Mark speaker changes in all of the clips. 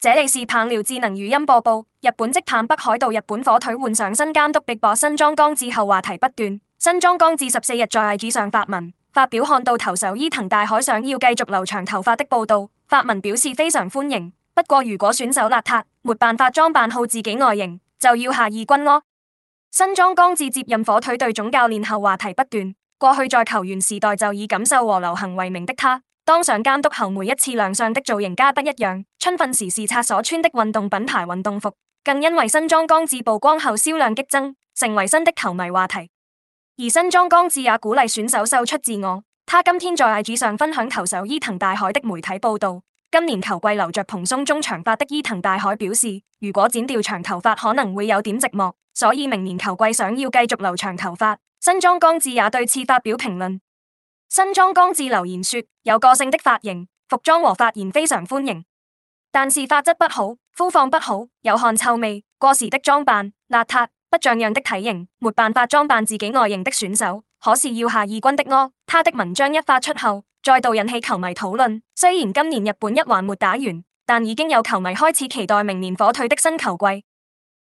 Speaker 1: 這裏是棒聊智能語音播報。日本職棒北海道日本火腿換上新監督，Big Boss 新莊剛志後話題不斷。新莊剛志十四日在 IG 上發文，發表看到投手伊藤大海想要繼續留長頭髮的報道，發文表示非常歡迎。不過如果選手邋遢，沒辦法裝扮好自己外形，就要下二軍咯。新莊剛志接任火腿隊總教練後話題不斷。過去在球員時代就以感受和流行為名的他。當上監督後，每一次亮相的造型家不一樣。春訓時是拆所穿的運動品牌運動服，更因為新莊剛志曝光後銷量激增，成為新的球迷話題。而新莊剛志也鼓勵選手秀出自我。他今天在 IG 上分享投手伊藤大海的媒體報道。今年球季留着蓬鬆中長髮的伊藤大海表示，如果剪掉長頭髮可能會有點寂寞，所以明年球季想要繼續留長頭髮。新莊剛志也對此發表評論。新莊剛志留言說：有個性的髮型、服裝和發言非常歡迎，但是髮質不好，膚況不好，有汗臭味，過時的裝扮、邋遢，不像樣的體型，沒辦法裝扮自己外形的選手，可是要下二軍的哦。他的文章一發出後，再度引起球迷討論。雖然今年日本一還沒打完，但已經有球迷開始期待明年火腿的新球季。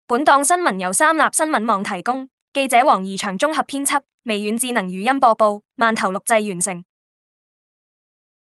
Speaker 1: 本檔新聞由三立新聞網提供，記者王宜翔綜合編輯。微軟智能語音播報，萬頭錄製完成。